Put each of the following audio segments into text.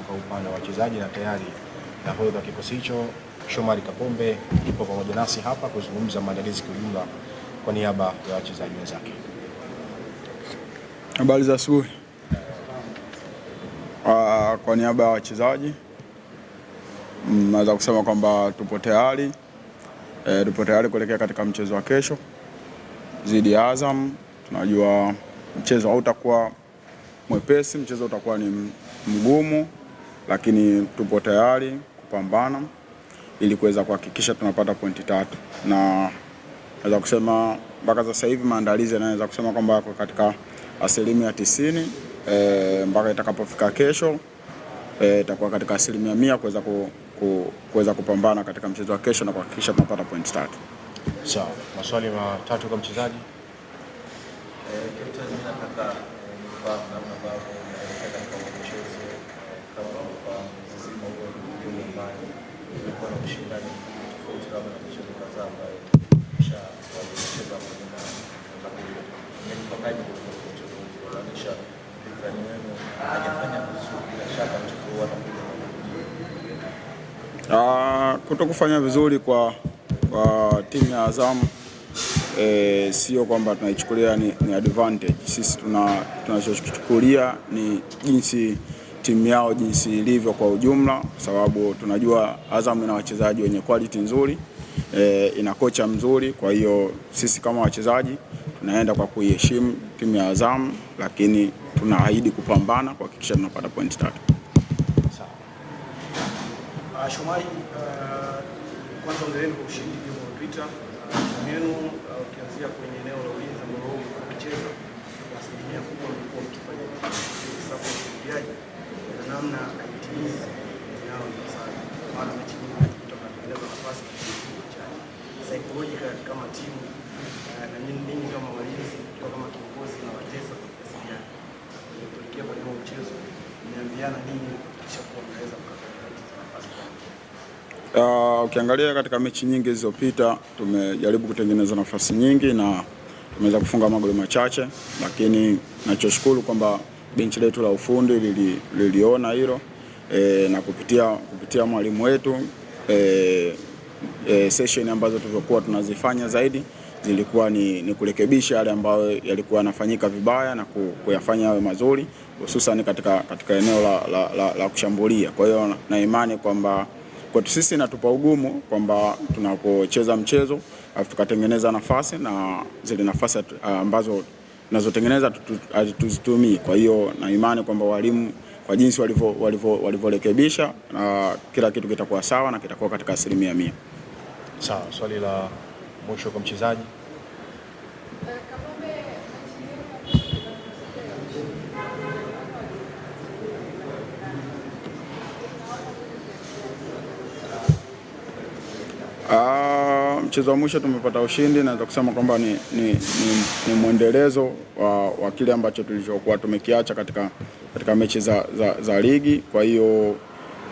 kwa upande wa wachezaji na tayari nahodha kikosi hicho Shomari Kapombe ipo pamoja nasi hapa kuzungumza maandalizi kiujumla kwa niaba ya wachezaji wenzake. Habari za asubuhi. Uh, kwa niaba ya wachezaji naweza kusema kwamba tupo tayari e, tupo tayari kuelekea katika mchezo wa kesho dhidi ya Azam. Tunajua mchezo hautakuwa mwepesi, mchezo utakuwa ni mgumu lakini tupo tayari kupambana ili kuweza kuhakikisha tunapata pointi tatu, na naweza kusema mpaka sasa hivi maandalizi yanaweza kusema kwamba yako katika asilimia tisini e, mpaka itakapofika kesho eh, itakuwa e, katika asilimia mia kuweza ku, ku, kuweza kupambana katika mchezo wa kesho na kuhakikisha tunapata pointi tatu. Sawa, maswali matatu kwa mchezaji. E, imekuwa na ushindani tofauti labda na michezo kadhaa ambayo pamoja na Mpangaji mchezo mpinzani wenu hajafanya vizuri, bila shaka mchezo atakuja Uh, ah, kuto kufanya vizuri kwa, kwa timu ya Azam e, sio kwamba tunaichukulia ni, ni advantage. Sisi tunachochukulia tuna ni jinsi timu yao jinsi ilivyo kwa ujumla, sababu tunajua Azam ina wachezaji wenye quality nzuri e, ina kocha mzuri. Kwa hiyo sisi kama wachezaji tunaenda kwa kuiheshimu timu ya Azam, lakini tunaahidi kupambana kuhakikisha tunapata pointi tatu. Ah, Shomari, ah, kwanza ongeleni kwa ushindi uliopita ah, ukianzia kwenye eneo la ulinzi ambao kwa asilimia kubwa kisaikolojia kama timu eh, na nini kama mlinzi nikiwa kama kiongozi na watesa kiasi gani nilipelekea kwenye mchezo niambiana nini kisha kuongeza mkakati. Ah, ukiangalia katika mechi nyingi zilizopita tumejaribu kutengeneza nafasi nyingi na tumeweza kufunga magoli machache, lakini nachoshukuru kwamba benchi letu la ufundi lili, liliona hilo e, na kupitia, kupitia mwalimu wetu e, e, session ambazo tulikuwa tunazifanya zaidi zilikuwa ni, ni kurekebisha yale ambayo yalikuwa yanafanyika vibaya na kuyafanya yawe mazuri hususan katika, katika eneo la, la, la, la kushambulia. Kwa hiyo na imani kwamba kwetu sisi natupa ugumu kwamba tunapocheza mchezo afu tukatengeneza nafasi na zile nafasi ambazo tunazotengeneza hatuzitumii. Kwa hiyo na imani kwamba walimu kwa jinsi walivyorekebisha na kila kitu kitakuwa sawa na kitakuwa katika asilimia mia. Sawa, swali la mwisho kwa mchezaji. Uh, mchezo wa mwisho tumepata ushindi, naweza kusema kwamba ni, ni, ni, ni mwendelezo wa, wa kile ambacho tulichokuwa tumekiacha katika, katika mechi za, za, za ligi. Kwa hiyo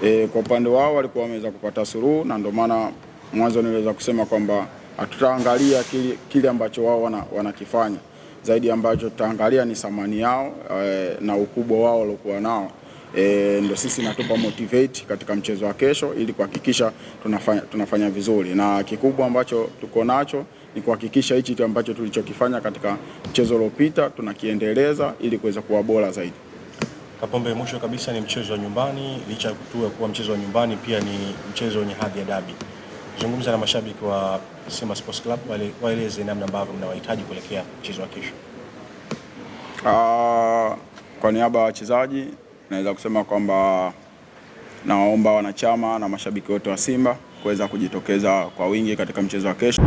e, kwa upande wao walikuwa wameweza kupata suruhu, na ndio maana mwanzo niliweza kusema kwamba hatutaangalia kile, kile ambacho wao wanakifanya wana zaidi ambacho tutaangalia ni thamani yao e, na ukubwa wao waliokuwa nao e, ndo sisi natupa motivate katika mchezo wa kesho ili kuhakikisha tunafanya, tunafanya vizuri, na kikubwa ambacho tuko nacho ni kuhakikisha hichi ambacho tulichokifanya katika mchezo uliopita tunakiendeleza ili kuweza kuwa bora zaidi. Kapombe, mwisho kabisa, ni mchezo wa nyumbani. Licha ya kuwa mchezo wa nyumbani, pia ni mchezo wenye hadhi ya dabi. Zungumza na mashabiki wa Simba Sports Club, waeleze namna ambavyo mnawahitaji kuelekea mchezo wa kesho. Uh, kwa niaba ya wachezaji naweza kusema kwamba nawaomba wanachama na mashabiki wote wa Simba kuweza kujitokeza kwa wingi katika mchezo wa kesho.